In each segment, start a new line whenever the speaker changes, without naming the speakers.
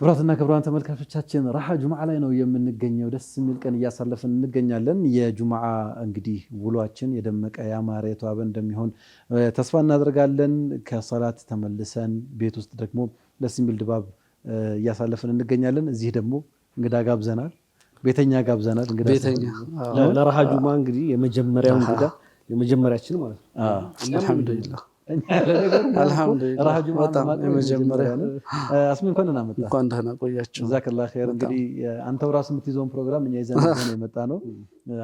ክብራትና ክብራን ተመልካቾቻችን ራሓ ጁምዓ ላይ ነው የምንገኘው። ደስ የሚል ቀን እያሳለፍን እንገኛለን። የጁምዓ እንግዲህ ውሏችን የደመቀ ያማረ የተዋበ እንደሚሆን ተስፋ እናደርጋለን። ከሰላት ተመልሰን ቤት ውስጥ ደግሞ ደስ የሚል ድባብ እያሳለፍን እንገኛለን። እዚህ ደግሞ እንግዳ ጋብዘናል፣ ቤተኛ ጋብዘናል። ለረሓ ጁምዓ እንግዲህ የመጀመሪያው እንግዳ የመጀመሪያችን ማለት
ነው።
አንተው
ራሱ የምትይዘውን ፕሮግራም እኛ ይዘን የመጣ ነው።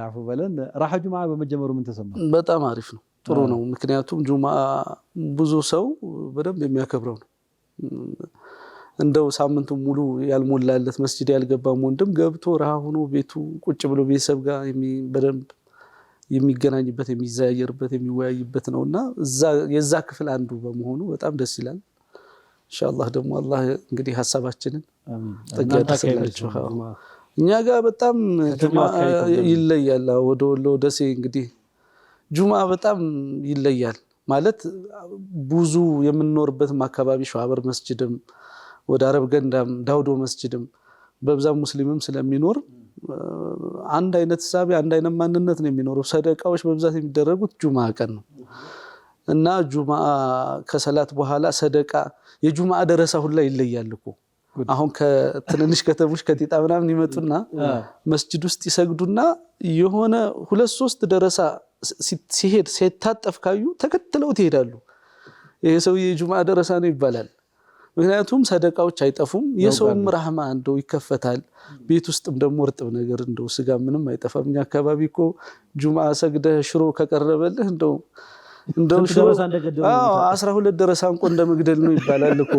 አፉ በለን። ራሓ ጁምዓ በመጀመሩ ምን ተሰማ?
በጣም አሪፍ ነው፣ ጥሩ ነው። ምክንያቱም ጁምዓ ብዙ ሰው በደንብ የሚያከብረው ነው። እንደው ሳምንቱ ሙሉ ያልሞላለት መስጅድ ያልገባም ወንድም ገብቶ ረሃ ሆኖ ቤቱ ቁጭ ብሎ ቤተሰብ ጋር በደንብ የሚገናኝበት የሚዘያየርበት የሚወያይበት ነው እና የዛ ክፍል አንዱ በመሆኑ በጣም ደስ ይላል። እንሻላ ደግሞ አላህ እንግዲህ ሀሳባችንን ጥግ እኛ ጋር በጣም ይለያል። ወደ ወሎ ደሴ እንግዲህ ጁማ በጣም ይለያል ማለት ብዙ የምንኖርበትም አካባቢ ሸዋበር መስጅድም ወደ አረብ ገንዳም ዳውዶ መስጅድም በብዛት ሙስሊምም ስለሚኖር አንድ አይነት ሳቢ አንድ አይነት ማንነት ነው የሚኖረው። ሰደቃዎች በብዛት የሚደረጉት ጁማ ቀን ነው እና ጁማ ከሰላት በኋላ ሰደቃ የጁማ ደረሳ ሁላ ይለያል እኮ። አሁን ከትንንሽ ከተሞች ከጤጣ ምናምን ይመጡና መስጅድ ውስጥ ይሰግዱና የሆነ ሁለት ሶስት ደረሳ ሲሄድ ሲታጠፍ ካዩ ተከትለው ትሄዳሉ። ይሄ ሰው የጁማ ደረሳ ነው ይባላል። ምክንያቱም ሰደቃዎች አይጠፉም። የሰውም ራህማ እንደው ይከፈታል። ቤት ውስጥም ደግሞ እርጥብ ነገር እንደው ስጋ ምንም አይጠፋም። እኛ አካባቢ እኮ ጁምዓ ሰግደህ ሽሮ ከቀረበልህ እንደው አስራ ሁለት ደረሳ እንቆ እንደ መግደል ነው ይባላል እኮ።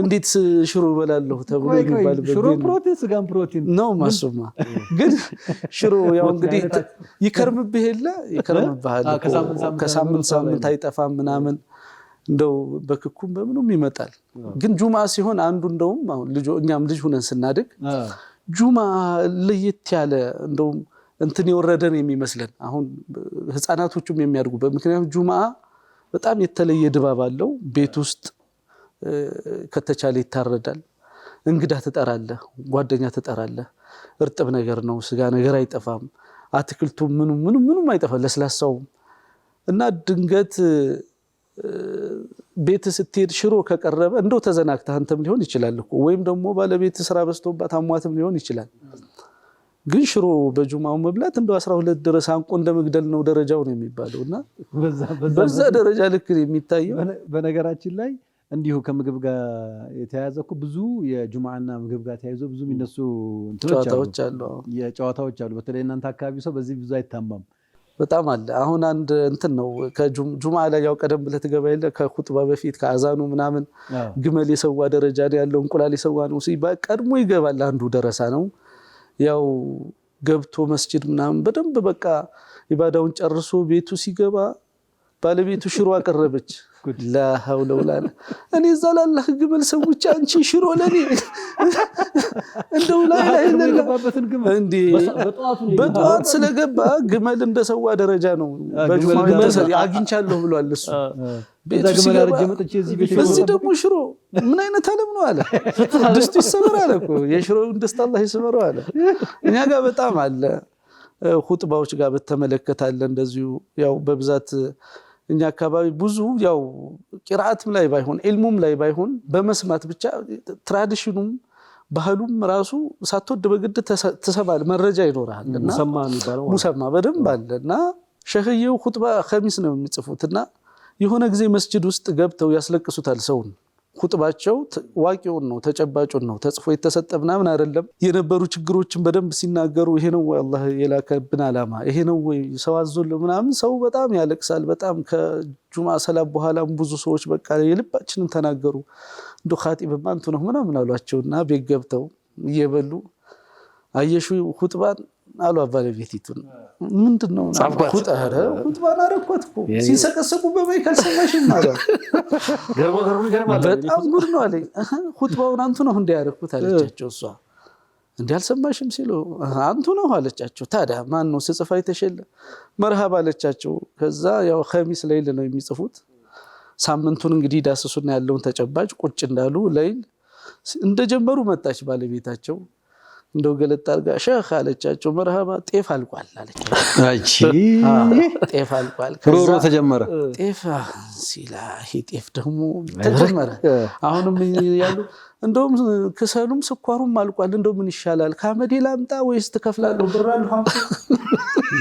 እንዴት ሽሮ እበላለሁ ተብሎ
የሚባልበት
ነው። ማሱማ ግን ሽሮ ያው እንግዲህ ይከርምብህ የለ ይከርምብሃል፣ ከሳምንት ሳምንት አይጠፋም ምናምን እንደው በክኩም በምኑም ይመጣል። ግን ጁማ ሲሆን አንዱ እንደውም አሁን እኛም ልጅ ሁነን ስናድግ ጁማ ለየት ያለ እንደውም እንትን የወረደን የሚመስለን አሁን ህፃናቶቹም የሚያድጉበት ምክንያቱም ጁማ በጣም የተለየ ድባብ አለው። ቤት ውስጥ ከተቻለ ይታረዳል። እንግዳ ትጠራለህ፣ ጓደኛ ትጠራለህ። እርጥብ ነገር ነው፣ ስጋ ነገር አይጠፋም። አትክልቱ ምኑ ምኑ ምኑም አይጠፋም፣ ለስላሳውም እና ድንገት ቤት ስትሄድ ሽሮ ከቀረበ እንደው ተዘናግተህ አንተም ሊሆን ይችላል እኮ ወይም ደግሞ ባለቤት ስራ በዝቶባት አሟትም ሊሆን ይችላል። ግን ሽሮ በጁማው መብላት እንደው አስራ ሁለት ድረስ አንቆ እንደ መግደል ነው ደረጃው ነው የሚባለው እና በዛ ደረጃ ልክ የሚታየው
በነገራችን ላይ እንዲሁ ከምግብ ጋር የተያያዘ እኮ ብዙ የጁምዓና ምግብ ጋር ተያይዞ ብዙ የሚነሱ ጨዋታዎች አሉ፣ በተለይ እናንተ አካባቢ ሰው በዚህ ብዙ አይታማም።
በጣም አለ። አሁን አንድ እንትን ነው ከጁማ ላይ ያው ቀደም ብለህ ትገባ የለ ከኹጥባ በፊት ከአዛኑ ምናምን ግመል የሰዋ ደረጃ ያለው እንቁላል የሰዋ ነው ሲባል ቀድሞ ይገባል። አንዱ ደረሳ ነው ያው ገብቶ መስጂድ ምናምን በደንብ በቃ ኢባዳውን ጨርሶ ቤቱ ሲገባ ባለቤቱ ሽሮ አቀረበች። ላሀውለ ወላላ እኔ እዛ ላላህ ግመል ሰዎች አንቺ ሽሮ ለኔ እንደው ላይ
ላይ በጠዋት ስለገባ
ግመል እንደ ሰዋ ደረጃ ነው። አግኝቻለሁ ብሏል እሱ። በዚህ ደግሞ ሽሮ ምን አይነት አለም ነው አለ። ድስቱ ይሰበር አለ እኮ የሽሮውን ደስታ አላህ ይስበረው አለ። እኛ ጋር በጣም አለ። ሁጥባዎች ጋር በተመለከታለ እንደዚሁ ያው በብዛት እኛ አካባቢ ብዙ ያው ቂራአትም ላይ ባይሆን ዒልሙም ላይ ባይሆን በመስማት ብቻ ትራዲሽኑም ባህሉም ራሱ ሳትወድ በግድ ትሰማል። መረጃ ይኖርሃል ሙሰማ በደንብ አለ እና ሸህየው ሁጥባ ከሚስ ነው የሚጽፉት እና የሆነ ጊዜ መስጅድ ውስጥ ገብተው ያስለቅሱታል ሰውን ኩጥባቸው ዋቂውን ነው ተጨባጩን ነው ተጽፎ የተሰጠ ምናምን አይደለም። የነበሩ ችግሮችን በደንብ ሲናገሩ ይሄ ነው ወይ አላህ የላከብን አላማ ይሄ ነው ወይ ሰው አዞል ምናምን ሰው በጣም ያለቅሳል። በጣም ከጁማ ሰላም በኋላም ብዙ ሰዎች በቃ የልባችንን ተናገሩ። እንዶ ኻጢብ ማንቱ ነው ምናምን አሏቸው እና ቤት ገብተው እየበሉ አየሹ ሁጥባን አሉ ባለቤቲቱን ምንድን ነው ጻፍኳትረ ቁጥባን አረኳት ሲሰቀሰቁ በማይክ አልሰማሽም አለ። በጣም ጉድ ነው አለኝ። ሁጥባውን አንቱ ነው እንዲ ያረኩት አለቻቸው። እሷ እንዲ አልሰማሽም ሲሉ አንቱ ነው አለቻቸው። ታዲያ ማን ነው ስጽፋ የተሸለ መርሃብ አለቻቸው። ከዛ ያው ከሚስ ለይል ነው የሚጽፉት። ሳምንቱን እንግዲህ ዳስሱና ያለውን ተጨባጭ ቁጭ እንዳሉ ለይል እንደጀመሩ መጣች ባለቤታቸው እንደው ገለጥ አድርጋ ሸህ አለቻቸው። መርሃባ ጤፍ አልቋል አለቻቸው። አቺ ጤፍ አልቋል
ሮሮ ተጀመረ።
ጤፍ ሲላ ጤፍ ደግሞ ተጀመረ። አሁንም ያሉ እንደውም ክሰሉም ስኳሩም አልቋል። እንደው ምን ይሻላል ከአመዴ ላምጣ ወይስ ትከፍላለሁ? ብራል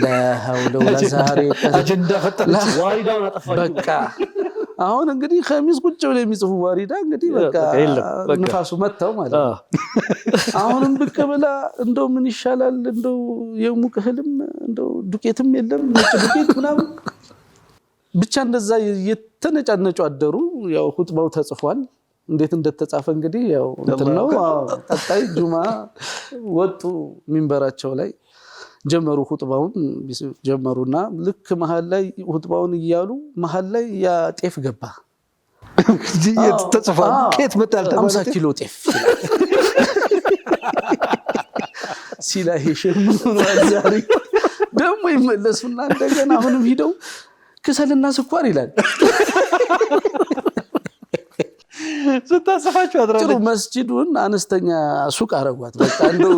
ለሀውለው ለዛሬ አጀንዳ በቃ አሁን እንግዲህ ከሚስ ቁጭ ብለው የሚጽፉ ዋሪዳ እንግዲህ በቃ ንፋሱ መጥተው ማለት ነው። አሁንም ብቅ ብላ እንደው ምን ይሻላል እንደው የሙቅ እህልም እንደው ዱቄትም የለም ነጭ ዱቄት ምናምን ብቻ እንደዛ የተነጫነጩ አደሩ። ያው ሁጥባው ተጽፏል። እንዴት እንደተጻፈ እንግዲህ ያው እንትን ነው። ቀጣይ ጁማ ወጡ ሚንበራቸው ላይ ጀመሩ ሁጥባውን ጀመሩና ልክ መሀል ላይ ሁጥባውን እያሉ መሀል ላይ ያ ጤፍ ገባ።
ተጽፏል። ከየት መጣ?
አምሳ ኪሎ ጤፍ ሲላ ዛሬ ደግሞ ይመለሱና እንደገና አሁንም ሂደው ክሰልና ስኳር ይላል።
ስታሰፋችሁ አድራ
መስጂዱን አነስተኛ ሱቅ አረጓት። በቃ እንደው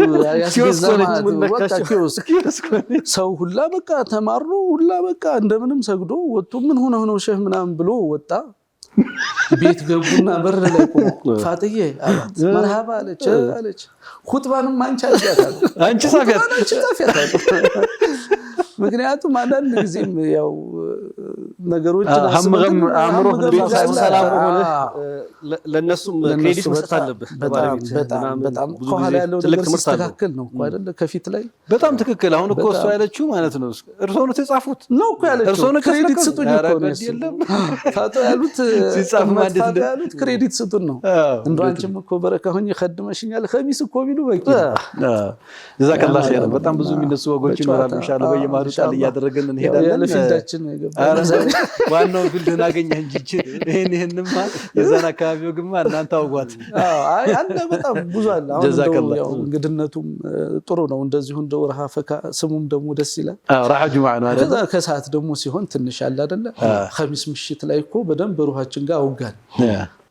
ሰው ሁላ በቃ ተማሮ ሁላ በቃ እንደምንም ሰግዶ ወጥቶ ምን ሆነ ሆነው ሼህ ምናምን ብሎ ወጣ። ቤት ገቡና በር ላይ ፋጥዬ አላት። መርሃባ አለች አለች። ሁጥባንም አንቺ አጃታል
አንቺ ጻፊያት
ምክንያቱም አንዳንድ ጊዜም ያው ነገሮች
አእምሮ ለእነሱም ክሬዲት መስጠት አለብህ።
ከኋላ ነው አይደለ? ከፊት ላይ
በጣም ትክክል። አሁን እኮ እሱ ያለችው ማለት ነው እርስዎ ነው የጻፉት
ነው እኮ ያለችው። ክሬዲት ስጡኝ እኮ ነው ያሉት። ክሬዲት ስጡን ነው እንደው አንቺም እኮ በረካ ሆኜ ከድመሽኛል ከሚስ እኮ ቢሉ በቂ።
በጣም ብዙ የሚነሱ ወጎች ይኖራሉ። ጣል እያደረገን
እንሄዳለን። ለፊልዳችን
ዋናው ፊልድ እናገኘህ እንጂ ይህን ይህንማ የዛን አካባቢው ግማ እናንተ አውጓት
አለ። በጣም ብዙ አለ። እንግድነቱም ጥሩ ነው። እንደዚሁ እንደ ረሃ ፈካ ስሙም ደግሞ ደስ ይላል። ረሃ ጁምዓ ነው። ከሰዓት ደግሞ ሲሆን ትንሽ አለ አደለ? ከሚስ ምሽት ላይ እኮ በደንብ ሩሃችን ጋር አውጋል።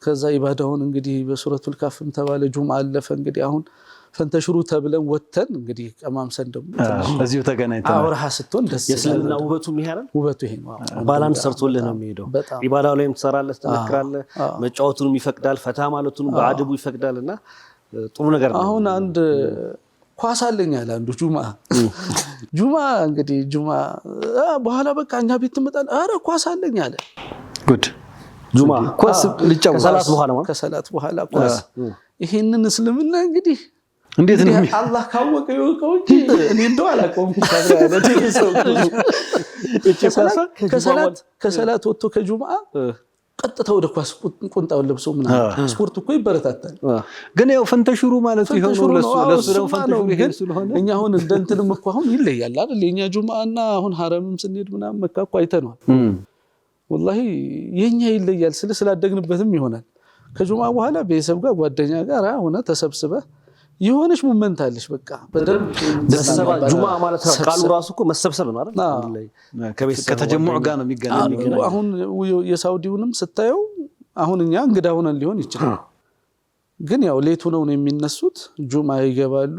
ከዛ ኢባዳውን እንግዲህ በሱረቱል ካፍም ተባለ ጁምዓ አለፈ እንግዲህ አሁን ፈንተሽሩ ተብለን ወተን እንግዲህ ቀማምሰን ደግሞ
እዚሁ ተገናኝተን
አውረሃ ስትሆን ደስ
የእስልምና ውበቱ ይሄ ውበቱ ይሄ ባላንስ ሰርቶልህ ነው የሚሄደው። ኢባዳው ላይም ትሰራለህ፣ ትጠነክራለህ። መጫወቱንም ይፈቅዳል፣ ፈታ ማለቱንም በአድቡ ይፈቅዳል እና ጥሩ ነገር
ነው። አሁን አንድ ኳስ አለኝ አለ አንዱ ጁማ ጁማ እንግዲህ ጁማ በኋላ በቃ እኛ ቤት ትመጣለህ። ኧረ ኳስ አለኝ አለ
ጉድ ጁማ ኳስ ልጫወት
ከሰላት በኋላ ኳስ ይሄንን እስልምና እንግዲህ እንዴት ነው አላህ ካወቀ ይወቀው እንጂ እኔ እንደው አላውቀውም። ከሰላት ወጥቶ ከጁምዓ ቀጥታ ወደ ኳስ ቁንጣውን ለብሶ ምናምን ስፖርት እኮ ይበረታታል።
ግን ያው ፈንተሽሩ ማለት
እኛ አሁን እንደ እንትንም እኮ አሁን ይለያል አይደል? የእኛ ጁምዓና አሁን ሀረምም ስንሄድ ምናምን መካ እኮ አይተነዋል። ወላሂ የእኛ ይለያል ስለ ስላደግንበትም ይሆናል። ከጁምዓ በኋላ ቤተሰብ ጋር ጓደኛ ጋር ሆነ ተሰብስበህ የሆነች ሙመንት አለች። በቃ
ጁማ ማለት ነው። ቃሉ ራሱ እኮ መሰብሰብ ነው ከተጀሙዕ ጋር ነው የሚገናኘው።
አሁን የሳውዲውንም ስታየው አሁን እኛ እንግዳ ሆነን ሊሆን ይችላል፣ ግን ያው ሌቱ ነው ነው የሚነሱት። ጁማ ይገባሉ፣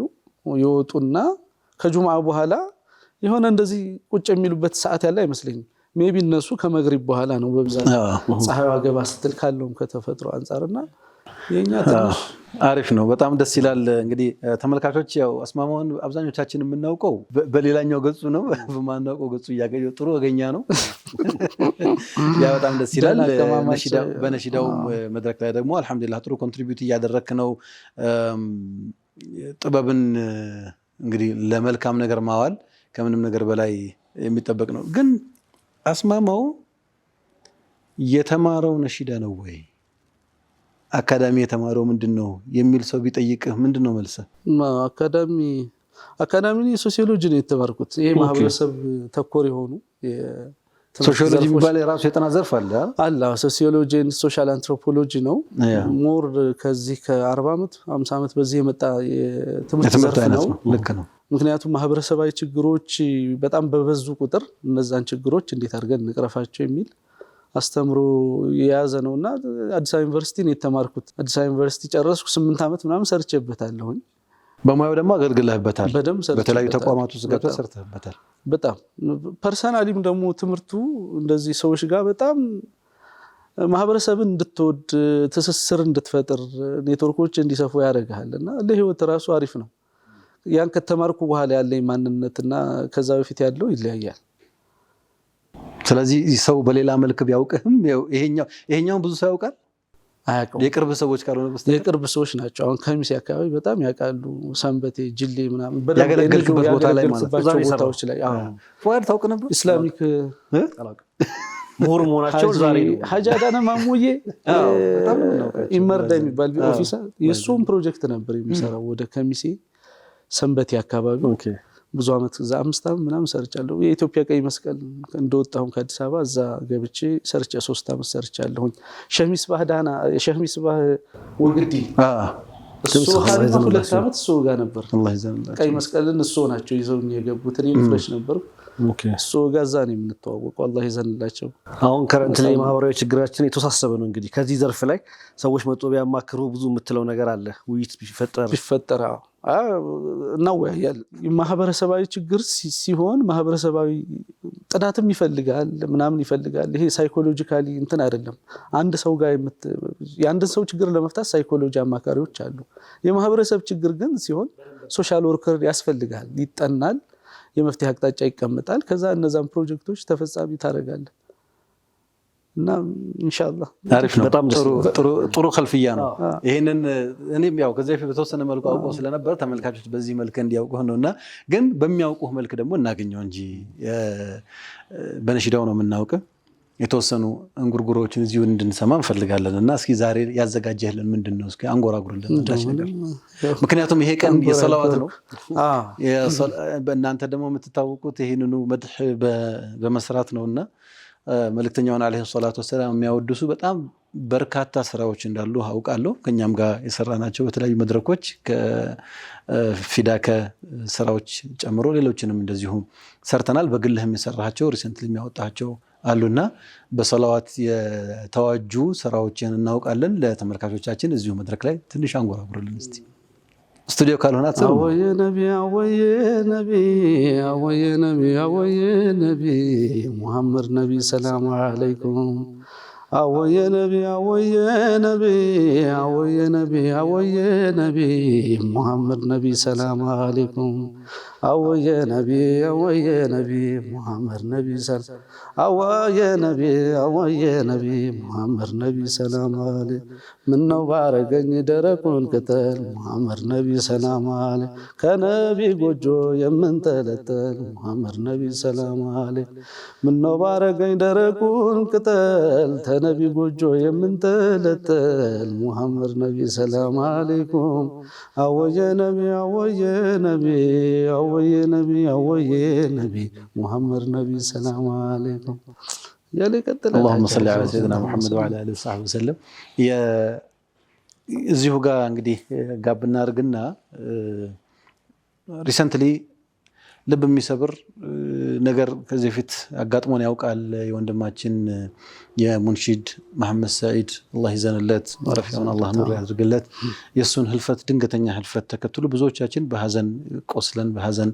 ይወጡና ከጁማ በኋላ የሆነ እንደዚህ ቁጭ የሚሉበት ሰዓት ያለ አይመስለኝም። ሜቢ እነሱ ከመግሪብ በኋላ ነው በብዛት ፀሐዩ ገባ ስትል ካለውም ከተፈጥሮ አንጻርና
አሪፍ ነው። በጣም ደስ ይላል። እንግዲህ ተመልካቾች ያው አስማማውን አብዛኞቻችን የምናውቀው በሌላኛው ገጹ ነው፣ በማናውቀው ገጹ እያገኘ ጥሩ ወገኛ ነው። ያ በጣም ደስ ይላል። በነሺዳው መድረክ ላይ ደግሞ አልሐምዱሊላህ ጥሩ ኮንትሪቢዩት እያደረክ ነው። ጥበብን እንግዲህ ለመልካም ነገር ማዋል ከምንም ነገር በላይ የሚጠበቅ ነው። ግን አስማማው የተማረው ነሺዳ ነው ወይ? አካዳሚ የተማረው ምንድን ነው የሚል ሰው ቢጠይቅህ ምንድን ነው መልሰ?
አካዳሚ አካዳሚ ሶሲዮሎጂ ነው የተማርኩት። ይሄ ማህበረሰብ ተኮር የሆኑ
ሶሺዮሎጂ የሚባል የራሱ የጠና ዘርፍ አለ
አለ። ሶሲዮሎጂ ሶሻል አንትሮፖሎጂ ነው። ሞር ከዚህ ከአርባ ዓመት አምሳ ዓመት በዚህ የመጣ የትምህርት ዘርፍ ነው። ልክ ነው። ምክንያቱም ማህበረሰባዊ ችግሮች በጣም በበዙ ቁጥር እነዛን ችግሮች እንዴት አድርገን እንቅረፋቸው የሚል አስተምሮ የያዘ ነው እና አዲስ አበባ ዩኒቨርሲቲ ነው የተማርኩት። አዲስ አበባ ዩኒቨርሲቲ ጨረስኩ። ስምንት ዓመት ምናምን ሰርቼበታለሁኝ።
በሙያው ደግሞ አገልግለህበታል። በተለያዩ ተቋማት ውስጥ ገብተህ ሰርተህበታል።
በጣም ፐርሰናሊም ደግሞ ትምህርቱ እንደዚህ ሰዎች ጋር በጣም ማህበረሰብን እንድትወድ ትስስር እንድትፈጥር ኔትወርኮች እንዲሰፉ ያደርግሃል እና ለህይወት ራሱ አሪፍ ነው። ያን ከተማርኩ በኋላ ያለኝ ማንነትና ከዛ በፊት ያለው ይለያያል።
ስለዚህ ሰው በሌላ መልክ ቢያውቅህም ይሄኛውን ብዙ ሰው ያውቃል። የቅርብ ሰዎች ካልሆነ በስተቀር
የቅርብ ሰዎች ናቸው። አሁን ከሚሴ አካባቢ በጣም ያውቃሉ። ሰንበቴ፣ ጅሌ ምናምን
ያገለገልክበት ቦታ ላይ ቦታዎች ላይ ፉአድ ታውቅ ነበር። ኢስላሚክ ምሁር መሆናቸው
ዛሬ ሀጃዳነ ማሙዬ ኢመርዳ የሚባል ኦፊሰር የእሱም ፕሮጀክት ነበር የሚሰራው ወደ ከሚሴ ሰንበቴ አካባቢ ብዙ ዓመት እዛ አምስት ዓመት ምናምን ሰርቻለሁ። የኢትዮጵያ ቀይ መስቀል እንደወጣሁን ከአዲስ አበባ እዛ ገብቼ ሰርቼ ሶስት ዓመት ሰርቻለሁኝ። ሸሚስ ባህ ዳና ባህ ወግዲ እሱ ሁለት ዓመት እሱ ጋር ነበር። ቀይ መስቀልን እሱ ናቸው ይዘውኝ የገቡት። እኔ ፍሬሽ ነበርኩ። እሱ ጋዛ ነው የምንተዋወቀው። አላህ ይዘንላቸው።
አሁን ከረንት ላይ ማህበራዊ ችግራችን የተወሳሰበ ነው። እንግዲህ ከዚህ ዘርፍ ላይ ሰዎች መጦ ቢያማክሩ ብዙ የምትለው ነገር አለ። ውይይት ቢፈጠር
ቢፈጠር ማህበረሰባዊ ችግር ሲሆን ማህበረሰባዊ ጥናትም ይፈልጋል ምናምን ይፈልጋል። ይሄ ሳይኮሎጂካሊ እንትን አይደለም። አንድ ሰው ጋር የአንድን ሰው ችግር ለመፍታት ሳይኮሎጂ አማካሪዎች አሉ። የማህበረሰብ ችግር ግን ሲሆን ሶሻል ወርከር ያስፈልጋል፣ ይጠናል የመፍትሄ አቅጣጫ ይቀመጣል። ከዛ እነዛን ፕሮጀክቶች ተፈጻሚ ታደርጋለህ እና ኢንሻላህ
አሪፍ ነው። በጣም ጥሩ ከልፍያ ነው። ይህንን እኔም ያው ከዚ በፊት በተወሰነ መልኩ አውቆ ስለነበር ተመልካቾች በዚህ መልክ እንዲያውቁህ ነው እና ግን በሚያውቁህ መልክ ደግሞ እናገኘው እንጂ በነሽዳው ነው የምናውቅህ የተወሰኑ እንጉርጉሮዎችን እዚሁ እንድንሰማ እንፈልጋለን እና እስኪ ዛሬ ያዘጋጀህልን ምንድን ነው? እስኪ አንጎራጉርልን አንዳች ነገር። ምክንያቱም ይሄ ቀን የሰላዋት ነው። በእናንተ ደግሞ የምትታወቁት ይህንኑ መድሕ በመስራት ነው እና መልእክተኛውን ዓለይሂ ሰላቱ ወሰላም የሚያወድሱ በጣም በርካታ ስራዎች እንዳሉ አውቃለሁ። ከኛም ጋር የሰራ ናቸው በተለያዩ መድረኮች ከፊዳከ ስራዎች ጨምሮ ሌሎችንም እንደዚሁ ሰርተናል። በግልህም የሰራቸው ሪሰንት የሚያወጣቸው አሉና በሰላዋት የተዋጁ ስራዎችን እናውቃለን። ለተመልካቾቻችን እዚሁ መድረክ ላይ ትንሽ አንጎራጉርልን እስቲ። ስቱዲዮ ካልሆና
አወየ ነቢ አወየ ነቢ አወየ ነቢ አወየ ነቢ ሙሐመድ ነቢ ሰላሙ አለይኩም አወየ ነቢ አወየ ነቢ አወየ ነቢ አወየ ነቢ ሙሐመድ ነቢ ሰላሙ አለይኩም አወየ ነቢ አወየ ነቢ ሙሐመድ ነቢ ሰላም አወየ ነቢ አወየ ነቢ ሙሐመድ ነቢ ሰላም አለ ምነው ባረገኝ ደረቁን ቅጠል ሙሐመድ ነቢ ሰላም አለ ከነቢ ጎጆ የምንጠለጠል ሙሐመድ ነቢ ሰላም አለ ምነው ባረገኝ ደረቁን ቅጠል ተነቢ ጎጆ የምንጠለጠል ሙሐመድ ነቢ ሰላም አለይኩም አወየ ነቢ አወየ ነቢ አወየ ነቢ አወየ ነቢ ሙሐመድ ነቢ ሰላም አለይኩም
እያለ ይቀጥላል። አላሁመ ሰሊ ዐላ ሰይድና ሙሐመድ ወዐላ አሊሂ ወሰሕቢሂ ወሰለም። እዚሁ ጋር እንግዲህ ጋብ እናድርግና ሪሰንትሊ ልብ የሚሰብር ነገር ከዚህ በፊት አጋጥሞን ያውቃል። የወንድማችን የሙንሺድ መሐመድ ሰዒድ አላህ ይዘንለት፣ ማረፊያውን አላህ ኑር ያድርግለት። የእሱን ህልፈት ድንገተኛ ህልፈት ተከትሎ ብዙዎቻችን በሀዘን ቆስለን በሀዘን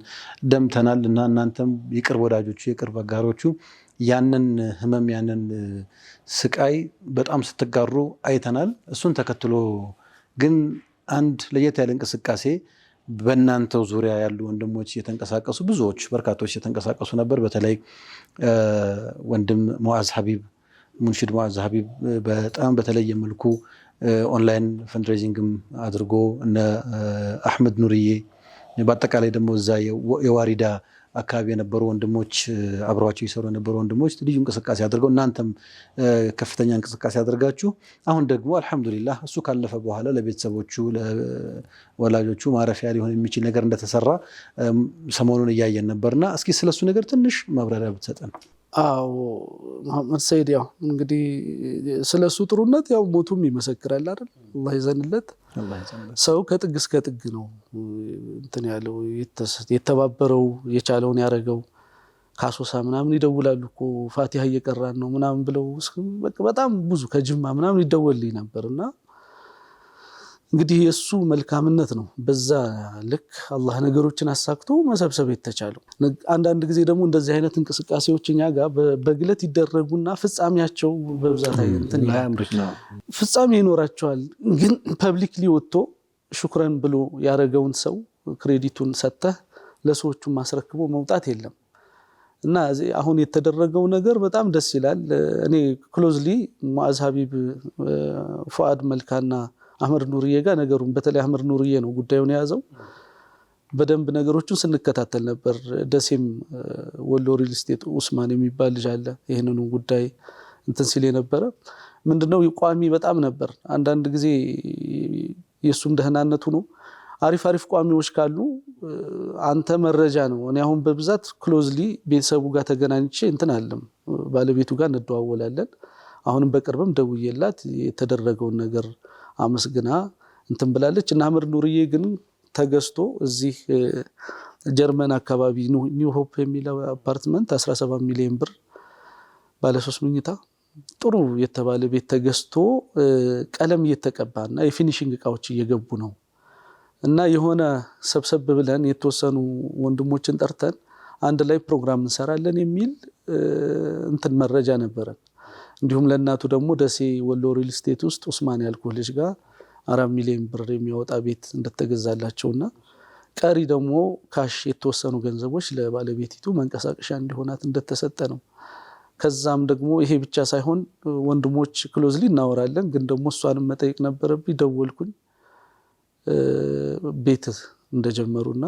ደምተናል እና እናንተም የቅርብ ወዳጆቹ የቅርብ አጋሮቹ ያንን ህመም ያንን ስቃይ በጣም ስትጋሩ አይተናል። እሱን ተከትሎ ግን አንድ ለየት ያለ እንቅስቃሴ በእናንተው ዙሪያ ያሉ ወንድሞች እየተንቀሳቀሱ ብዙዎች በርካቶች እየተንቀሳቀሱ ነበር። በተለይ ወንድም ሙዓዝ ሀቢብ ሙንሽድ ሙዓዝ ሀቢብ በጣም በተለየ መልኩ ኦንላይን ፈንድሬዚንግም አድርጎ እነ አሕመድ ኑርዬ በአጠቃላይ ደግሞ እዛ የዋሪዳ አካባቢ የነበሩ ወንድሞች አብረዋቸው የሰሩ የነበሩ ወንድሞች ልዩ እንቅስቃሴ አድርገው እናንተም ከፍተኛ እንቅስቃሴ አድርጋችሁ አሁን ደግሞ አልሐምዱሊላህ እሱ ካለፈ በኋላ ለቤተሰቦቹ ለወላጆቹ ማረፊያ ሊሆን የሚችል ነገር እንደተሰራ ሰሞኑን እያየን ነበርና እስኪ ስለሱ ነገር ትንሽ ማብራሪያ ብትሰጠን።
አዎ መሐመድ ሰይድ ያው እንግዲህ ስለ እሱ ጥሩነት ያው ሞቱም ይመሰክራል አይደል? አላህ ይዘንለት። ሰው ከጥግ እስከ ጥግ ነው እንትን ያለው የተባበረው የቻለውን ያደረገው። ካሶሳ ምናምን ይደውላሉ እኮ ፋቲሃ እየቀራን ነው ምናምን ብለው በጣም ብዙ ከጅማ ምናምን ይደወልኝ ነበር እና እንግዲህ የእሱ መልካምነት ነው። በዛ ልክ አላህ ነገሮችን አሳክቶ መሰብሰብ የተቻለው። አንዳንድ ጊዜ ደግሞ እንደዚህ አይነት እንቅስቃሴዎች እኛ ጋር በግለት ይደረጉና ፍጻሜያቸው በብዛት
አይነት
ፍጻሜ ይኖራቸዋል። ግን ፐብሊክሊ ወጥቶ ሹክረን ብሎ ያደረገውን ሰው ክሬዲቱን ሰጥተህ ለሰዎቹ ማስረክቦ መውጣት የለም እና አሁን የተደረገው ነገር በጣም ደስ ይላል። እኔ ክሎዝሊ ሙአዝ ሀቢብ ፉአድ መልካና አህመድ ኑርዬ ጋር ነገሩን በተለይ አህመድ ኑርዬ ነው ጉዳዩን የያዘው። በደንብ ነገሮቹን ስንከታተል ነበር። ደሴም ወሎ ሪል ስቴት ኡስማን የሚባል ልጅ አለ ይህንኑ ጉዳይ እንትን ሲል የነበረ ምንድነው ቋሚ በጣም ነበር። አንዳንድ ጊዜ የእሱም ደህናነቱ ነው። አሪፍ አሪፍ ቋሚዎች ካሉ አንተ መረጃ ነው። እኔ አሁን በብዛት ክሎዝሊ ቤተሰቡ ጋር ተገናኝቼ እንትን አለም ባለቤቱ ጋር እንደዋወላለን። አሁንም በቅርብም ደውዬላት የተደረገውን ነገር አመስግና እንትን ብላለች። እና ምር ኑርዬ ግን ተገዝቶ እዚህ ጀርመን አካባቢ ኒው ሆፕ የሚለው አፓርትመንት 17 ሚሊዮን ብር ባለሶስት ምኝታ ጥሩ የተባለ ቤት ተገዝቶ ቀለም እየተቀባ እና የፊኒሽንግ እቃዎች እየገቡ ነው እና የሆነ ሰብሰብ ብለን የተወሰኑ ወንድሞችን ጠርተን አንድ ላይ ፕሮግራም እንሰራለን የሚል እንትን መረጃ ነበረን። እንዲሁም ለእናቱ ደግሞ ደሴ ወሎ ሪል ስቴት ውስጥ ኡስማን ያልኩህ ልጅ ጋር አራት ሚሊዮን ብር የሚያወጣ ቤት እንደተገዛላቸውና ቀሪ ደግሞ ካሽ የተወሰኑ ገንዘቦች ለባለቤቲቱ መንቀሳቀሻ እንዲሆናት እንደተሰጠ ነው። ከዛም ደግሞ ይሄ ብቻ ሳይሆን ወንድሞች ክሎዝሊ እናወራለን፣ ግን ደግሞ እሷንም መጠየቅ ነበረብኝ። ደወልኩኝ ቤት እንደጀመሩና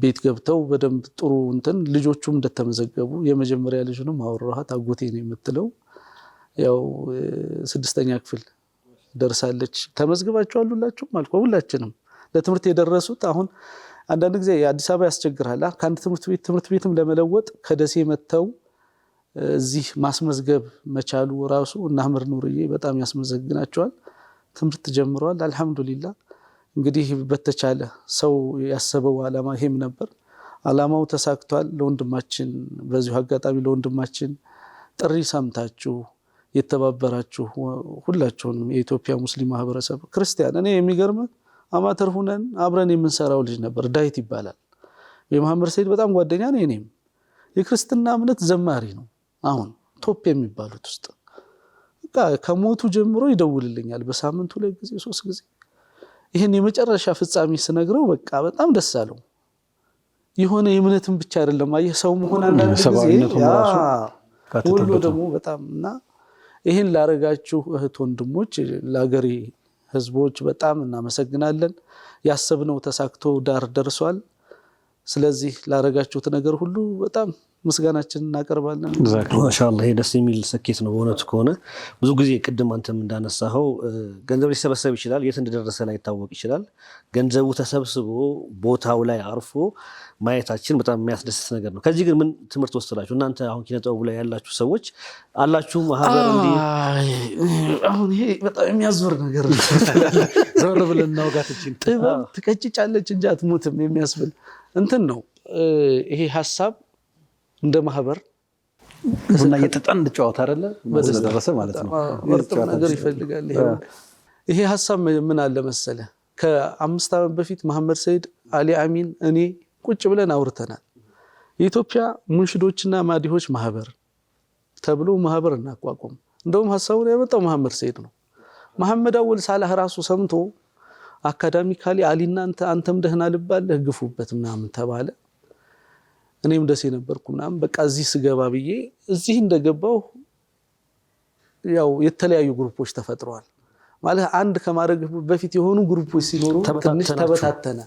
ቤት ገብተው በደንብ ጥሩ እንትን ልጆቹም እንደተመዘገቡ የመጀመሪያ ልጅንም አወራኋት። አጎቴ ነው የምትለው ያው ስድስተኛ ክፍል ደርሳለች። ተመዝግባችኋል ሁላችሁም አልኳ። ሁላችንም ለትምህርት የደረሱት አሁን አንዳንድ ጊዜ አዲስ አበባ ያስቸግራል። ከአንድ ትምህርት ቤት ትምህርት ቤትም ለመለወጥ ከደሴ መጥተው እዚህ ማስመዝገብ መቻሉ ራሱ እና ምህር ኑርዬ በጣም ያስመዘግናቸዋል። ትምህርት ጀምረዋል። አልሐምዱሊላህ። እንግዲህ በተቻለ ሰው ያሰበው አላማ ይሄም ነበር። አላማው ተሳክቷል። ለወንድማችን በዚሁ አጋጣሚ ለወንድማችን ጥሪ ሰምታችሁ የተባበራችሁ ሁላችሁንም የኢትዮጵያ ሙስሊም ማህበረሰብ ክርስቲያን፣ እኔ የሚገርም አማተር ሁነን አብረን የምንሰራው ልጅ ነበር። ዳዊት ይባላል። የመሐመድ ሰይድ በጣም ጓደኛ ነው። እኔም የክርስትና እምነት ዘማሪ ነው። አሁን ቶፕ የሚባሉት ውስጥ ከሞቱ ጀምሮ ይደውልልኛል። በሳምንት ሁለት ጊዜ ሶስት ጊዜ ይህን የመጨረሻ ፍጻሜ ስነግረው በቃ በጣም ደስ አለው። የሆነ የእምነትን ብቻ አይደለም አየህ ሰው መሆን አንዳንድ ደግሞ በጣም እና ይህን ላረጋችሁ እህት ወንድሞች፣ ለአገሬ ህዝቦች በጣም እናመሰግናለን። ያሰብነው ተሳክቶ ዳር ደርሷል። ስለዚህ ላረጋችሁት ነገር ሁሉ በጣም ምስጋናችን እናቀርባለን።
ማሻአላህ ይሄ ደስ የሚል ስኬት ነው። በእውነቱ ከሆነ ብዙ ጊዜ ቅድም አንተም እንዳነሳኸው ገንዘብ ሊሰበሰብ ይችላል፣ የት እንደደረሰ ላይታወቅ ይችላል። ገንዘቡ ተሰብስቦ ቦታው ላይ አርፎ ማየታችን በጣም የሚያስደስት ነገር ነው። ከዚህ ግን ምን ትምህርት ወስዳችሁ እናንተ አሁን ኪነ ላይ ያላችሁ ሰዎች አላችሁ ማህበር?
አሁን ይሄ በጣም የሚያዝር ነገር ዘር ብለን እናውጋትችን ጥበብ ትቀጭጫለች እንጂ አትሞትም የሚያስብል እንትን ነው ይሄ ሀሳብ እንደ ማህበር
ቡና እየጠጣን እንጫወት አይደለ? ደረሰ ማለት ነው።
ይፈልጋል። ይሄ ሀሳብ ምን አለ መሰለ፣ ከአምስት ዓመት በፊት መሐመድ ሰይድ፣ አሊ አሚን፣ እኔ ቁጭ ብለን አውርተናል። የኢትዮጵያ ሙንሽዶችና ማዲሆች ማህበር ተብሎ ማህበር እናቋቋም። እንደውም ሀሳቡን ያመጣው መሐመድ ሰይድ ነው። መሐመድ አወል ሳላህ ራሱ ሰምቶ አካዳሚካሊ አሊና አንተም ደህና ልባለህ ግፉበት ምናምን ተባለ። እኔም ደሴ ነበርኩ ምናምን በቃ እዚህ ስገባ ብዬ እዚህ እንደገባው ያው የተለያዩ ግሩፖች ተፈጥረዋል። ማለት አንድ ከማድረግ በፊት የሆኑ ግሩፖች ሲኖሩ ትንሽ ተበታተነ።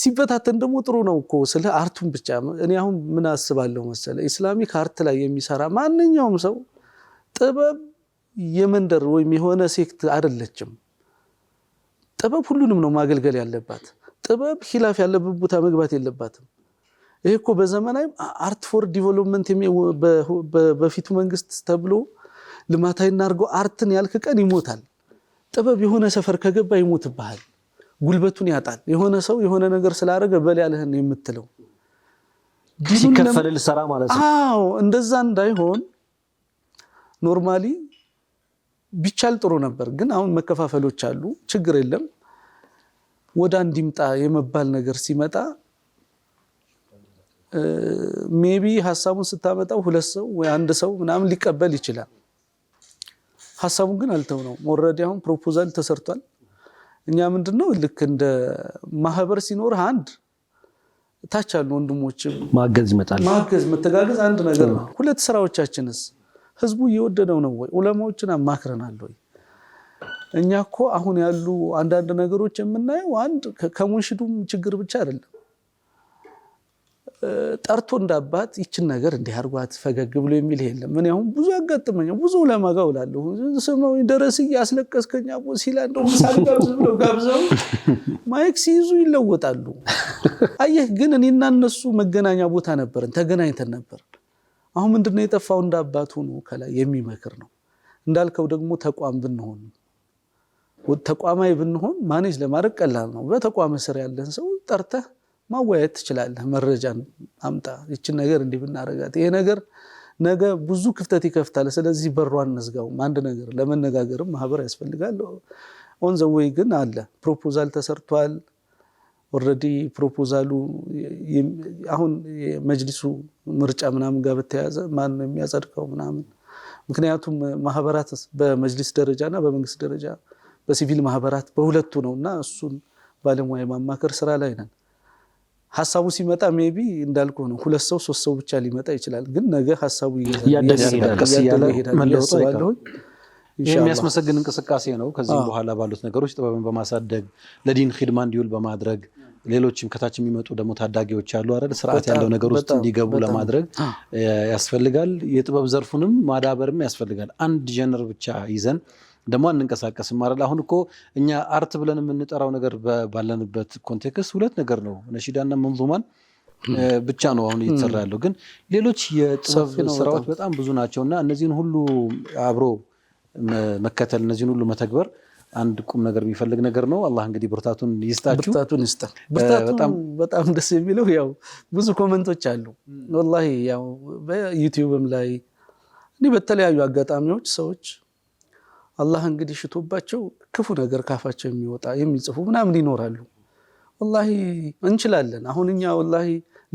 ሲበታተን ደግሞ ጥሩ ነው እኮ ስለ አርቱን ብቻ እኔ አሁን ምን አስባለሁ መሰለ ኢስላሚክ አርት ላይ የሚሰራ ማንኛውም ሰው ጥበብ የመንደር ወይም የሆነ ሴክት አይደለችም። ጥበብ ሁሉንም ነው ማገልገል ያለባት። ጥበብ ሂላፍ ያለበት ቦታ መግባት የለባትም። ይህ እኮ በዘመናዊ አርት ፎር ዲቨሎፕመንት በፊቱ መንግስት ተብሎ ልማታዊ እናድርገው አርትን ያልክ ቀን ይሞታል። ጥበብ የሆነ ሰፈር ከገባ ይሞትብሃል፣ ጉልበቱን ያጣል። የሆነ ሰው የሆነ ነገር ስላደረገ በል ያለህን የምትለው
ሲከፈልህ ልሰራ ማለት
ነው። እንደዛ እንዳይሆን ኖርማሊ ቢቻል ጥሩ ነበር፣ ግን አሁን መከፋፈሎች አሉ። ችግር የለም ወደ አንድ ይምጣ የመባል ነገር ሲመጣ ሜቢ ሀሳቡን ስታመጣው ሁለት ሰው ወይ አንድ ሰው ምናምን ሊቀበል ይችላል። ሀሳቡን ግን አልተው ነው። ኦልሬዲ አሁን ፕሮፖዛል ተሰርቷል። እኛ ምንድነው ልክ እንደ ማህበር ሲኖር አንድ ታች አሉ ወንድሞችም
ማገዝ ይመጣል።
ማገዝ መተጋገዝ አንድ ነገር ነው። ሁለት ስራዎቻችንስ ህዝቡ እየወደደው ነው ወይ? ዑለማዎችን አማክረናል ወይ? እኛ እኮ አሁን ያሉ አንዳንድ ነገሮች የምናየው አንድ ከሙንሽዱም ችግር ብቻ አይደለም ጠርቶ እንዳባት ይችን ነገር እንዲህ አርጓት ፈገግ ብሎ የሚል የለም። ምን ያሁን ብዙ ያጋጥመኛል። ብዙ ለማጋ ውላለሁ ስመው ደረስ እያስለቀስከኝ ሲላ እንደ ምሳሌ ጋብዝ ጋብዘው ማይክ ሲይዙ ይለወጣሉ። አየህ ግን እኔና እነሱ መገናኛ ቦታ ነበርን፣ ተገናኝተን ነበር። አሁን ምንድነው የጠፋው? እንዳባት ሆኖ ከላይ የሚመክር ነው እንዳልከው ደግሞ ተቋም ብንሆን ተቋማዊ ብንሆን ማኔጅ ለማድረግ ቀላል ነው። በተቋም ስር ያለን ሰው ጠርተህ ማወያየት ትችላለህ። መረጃን አምጣ፣ ይችን ነገር እንዲህ ብናረጋት ይሄ ነገር ነገ ብዙ ክፍተት ይከፍታል። ስለዚህ በሯን እንዝጋውም። አንድ ነገር ለመነጋገርም ማህበር ያስፈልጋል። ኦን ዘ ግን አለ ፕሮፖዛል ተሰርቷል። ኦልሬዲ ፕሮፖዛሉ አሁን የመጅሊሱ ምርጫ ምናምን ጋር በተያያዘ ማን ነው የሚያጸድቀው ምናምን። ምክንያቱም ማህበራት በመጅሊስ ደረጃ እና በመንግስት ደረጃ በሲቪል ማህበራት በሁለቱ ነው እና እሱን ባለሙያ የማማከር ስራ ላይ ነን። ሀሳቡ ሲመጣ ሜይ ቢ እንዳልኩ ነው ሁለት ሰው ሶስት ሰው ብቻ ሊመጣ ይችላል። ግን ነገ ሀሳቡ ይሄዳል። የሚያስመሰግን እንቅስቃሴ ነው። ከዚህም በኋላ ባሉት ነገሮች ጥበብን በማሳደግ ለዲን ሂድማ እንዲውል በማድረግ ሌሎችም ከታች የሚመጡ ደግሞ ታዳጊዎች አሉ አይደል ስርዓት ያለው ነገር ውስጥ እንዲገቡ ለማድረግ ያስፈልጋል። የጥበብ ዘርፉንም ማዳበርም ያስፈልጋል። አንድ ጀነር ብቻ ይዘን ደግሞ አንንቀሳቀስም አይደል? አሁን እኮ እኛ አርት ብለን የምንጠራው ነገር ባለንበት ኮንቴክስት ሁለት ነገር ነው፣ ነሺዳና መንዙማን ብቻ ነው አሁን እየተሰራ ያለው። ግን ሌሎች የጥበብ ስራዎች በጣም ብዙ ናቸው እና እነዚህን ሁሉ አብሮ መከተል እነዚህን ሁሉ መተግበር አንድ ቁም ነገር የሚፈልግ ነገር ነው። አላህ እንግዲህ ብርታቱን ይስጣችሁ። ብርታቱን ይስጣ። ብርታቱን በጣም ደስ የሚለው ያው ብዙ ኮመንቶች አሉ። ወላሂ ያው በዩቲዩብም ላይ እንዲህ በተለያዩ አጋጣሚዎች ሰዎች አላህ እንግዲህ ሽቶባቸው ክፉ ነገር ካፋቸው የሚወጣ የሚጽፉ ምናምን ይኖራሉ። ወላሂ እንችላለን። አሁን እኛ ወላሂ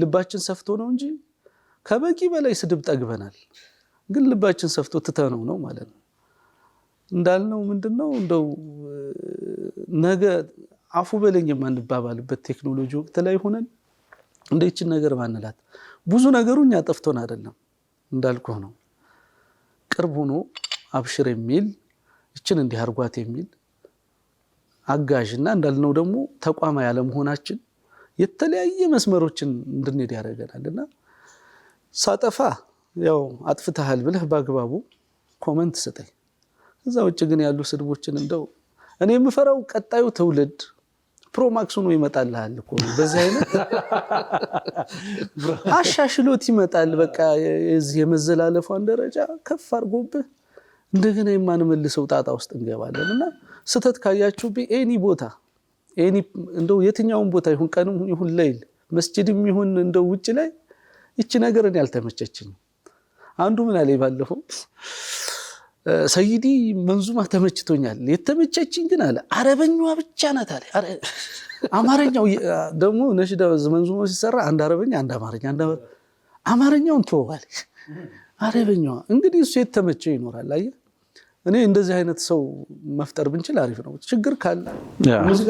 ልባችን ሰፍቶ ነው እንጂ ከበቂ በላይ ስድብ ጠግበናል። ግን ልባችን ሰፍቶ ትተነው ነው ማለት ነው። እንዳልነው ምንድን ነው እንደው ነገ አፉ በለኝ የማንባባልበት ቴክኖሎጂ ወቅት ላይ ሆነን እንደችን ነገር ማንላት ብዙ ነገሩ እኛ ጠፍቶን አይደለም እንዳልኩህ ነው። ቅርብ ሆኖ አብሽር የሚል ይችን እንዲህ አርጓት የሚል አጋዥ እና እንዳልነው ደግሞ ተቋማ ያለመሆናችን የተለያየ መስመሮችን እንድንሄድ ያደርገናል እና ሳጠፋ ያው አጥፍተሃል ብለህ በአግባቡ ኮመንት ስጠኝ። እዛ ውጭ ግን ያሉ ስድቦችን እንደው እኔ የምፈራው ቀጣዩ ትውልድ ፕሮማክስ ሆኖ ይመጣልሃል እኮ ነው። በዚህ አይነት አሻሽሎት ይመጣል። በቃ የዚህ የመዘላለፏን ደረጃ ከፍ አድርጎብህ እንደገና የማንመልሰው ጣጣ ውስጥ እንገባለን እና ስህተት ካያችሁብኝ ኤኒ ቦታ ኤኒ እንደው የትኛውን ቦታ ይሁን ቀንም ይሁን ለይል መስጅድም ይሁን እንደው ውጭ ላይ ይቺ ነገር እኔ አልተመቸችኝም። አንዱ ምን አለኝ ባለፈው ሰይዲ መንዙማ ተመችቶኛል፣ የተመቸችኝ ግን አለ አረበኛዋ ብቻ ናት አለ። አማርኛው ደግሞ ነሽዳ መንዙማ ሲሰራ አንድ አረበኛ አንድ አማርኛ አንድ አማርኛውን ተወዋል። አረበኛዋ እንግዲህ እሱ የተመቸው ይኖራል አየህ እኔ እንደዚህ አይነት ሰው መፍጠር ብንችል አሪፍ ነው። ችግር ካለ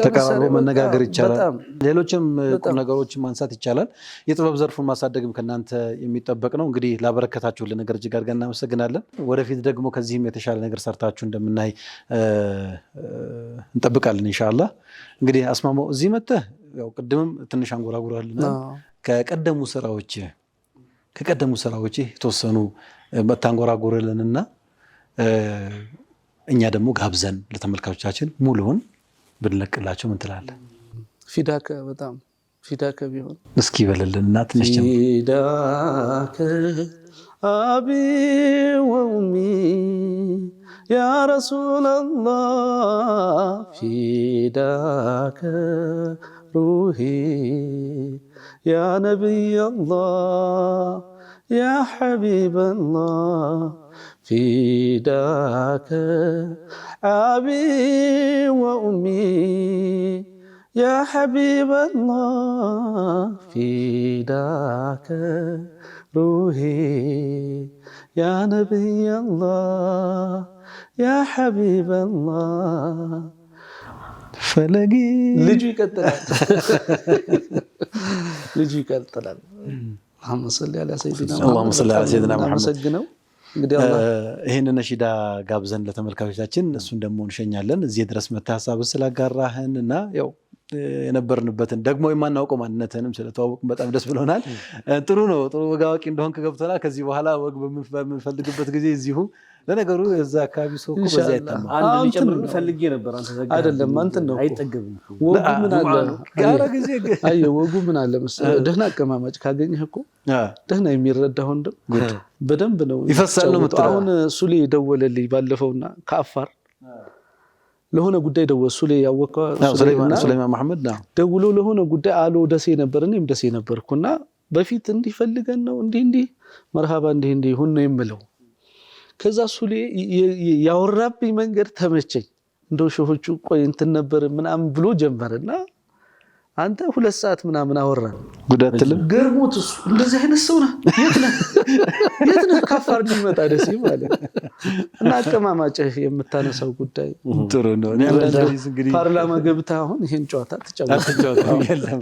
ተቀራርቦ መነጋገር ይቻላል። ሌሎችም ቁም ነገሮችን ማንሳት ይቻላል። የጥበብ ዘርፉን ማሳደግም ከእናንተ የሚጠበቅ ነው። እንግዲህ ላበረከታችሁ ነገር እጅግ አድርገን እናመሰግናለን። ወደፊት ደግሞ ከዚህም የተሻለ ነገር ሰርታችሁ እንደምናይ እንጠብቃለን እንሻላ እንግዲህ አስማማው እዚህ መጥተህ ቅድምም ትንሽ አንጎራጉራልና ከቀደሙ ስራዎች ከቀደሙ ስራዎች የተወሰኑ መታንጎራጉርልንና እኛ ደግሞ ጋብዘን ለተመልካቾቻችን ሙሉውን ብንለቅላቸው ምን ትላለህ? ፊዳከ በጣም ፊዳከ ቢሆን እስኪ በልልን እና ትንሽ ፊዳከ አቢ ያ ረሱለላህ ፊዳከ ሩሂ ያ አላህ ያ አላህ فداك أبي وأمي يا حبيب الله فداك روحي يا نبي الله يا حبيب الله فلقي ልጁ ይቀጥላል ልጁ ይቀጥላል። اللهم صل على سيدنا محمد ይህን ነሺዳ ጋብዘን ለተመልካቾቻችን እሱን ደግሞ እንሸኛለን። እዚህ ድረስ መታ ሀሳብን ስላጋራህን እና ያው የነበርንበትን ደግሞ የማናውቀው ማንነትንም ስለተዋወቅ በጣም ደስ ብሎናል። ጥሩ ነው። ጥሩ ወግ አዋቂ እንደሆንክ ገብቶናል። ከዚህ በኋላ ወግ በምንፈልግበት ጊዜ እዚሁ ለነገሩ እዛ አካባቢ ሰው ፈልጌ አይደለም እንትን ነው አይጠገብም። ወጉ ምን አለ መሰለህ፣ ደህና አቀማማጭ ካገኘህ እኮ ደህና የሚረዳ ወንድም በደንብ ነው ይፈሳል። ነው አሁን ሱሌ የደወለልኝ ባለፈውና ከአፋር ለሆነ ጉዳይ ደወለ። እሱ ያወቀ ሱለይማን መሐመድ ደውሎ ለሆነ ጉዳይ አሎ ደሴ ነበር፣ እኔም ደሴ ነበርኩና በፊት እንዲፈልገን ነው እንዲህ እንዲህ መርሃባ እንዲህ እንዲህ ይሁን ነው የምለው። ከዛ ሱሌ ያወራብኝ መንገድ ተመቸኝ። እንደው ሸሆቹ ቆይ እንትን ነበር ምናምን ብሎ ጀመርና አንተ ሁለት ሰዓት ምናምን አወራን። ጉዳት ልም ገርሞት እሱ እንደዚህ አይነት ሰው ነህ? የት ነህ? ካፋር የሚመጣ ደሴ ማለት እና አቀማማጭህ የምታነሳው ጉዳይ ጥሩ ነው። ፓርላማ ገብታ አሁን ይህን ጨዋታ ትጫወታለህ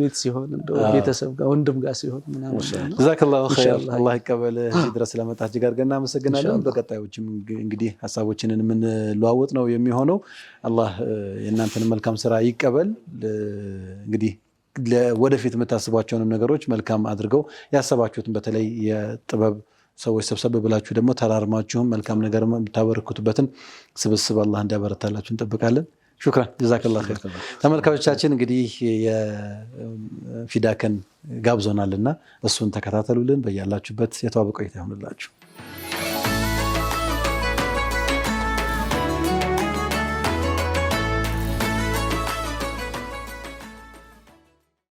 ቤት ሲሆን ቤተሰብ ጋር ወንድም ጋር ሲሆን ምናምን። ጀዛከላሁ ኸይር፣ አላህ ድረስ ለመጣት እጅግ አድርገን እናመሰግናለን። በቀጣዮችም እንግዲህ ሀሳቦችንን የምንለዋወጥ ነው የሚሆነው። አላህ የእናንተን መልካም ስራ ይቀበል። እንግዲህ ወደፊት የምታስቧቸውንም ነገሮች መልካም አድርገው ያሰባችሁትን በተለይ የጥበብ ሰዎች ሰብሰብ ብላችሁ ደግሞ ተራርማችሁም መልካም ነገር የምታበረክቱበትን ስብስብ አላህ እንዲያበረታላችሁ እንጠብቃለን። ሹክራን ጀዛከላ ኸይር። ተመልካቾቻችን እንግዲህ የፊዳከን ጋብዞናልና እሱን ተከታተሉልን። በያላችሁበት የተዋበ ቆይታ ይሆንላችሁ።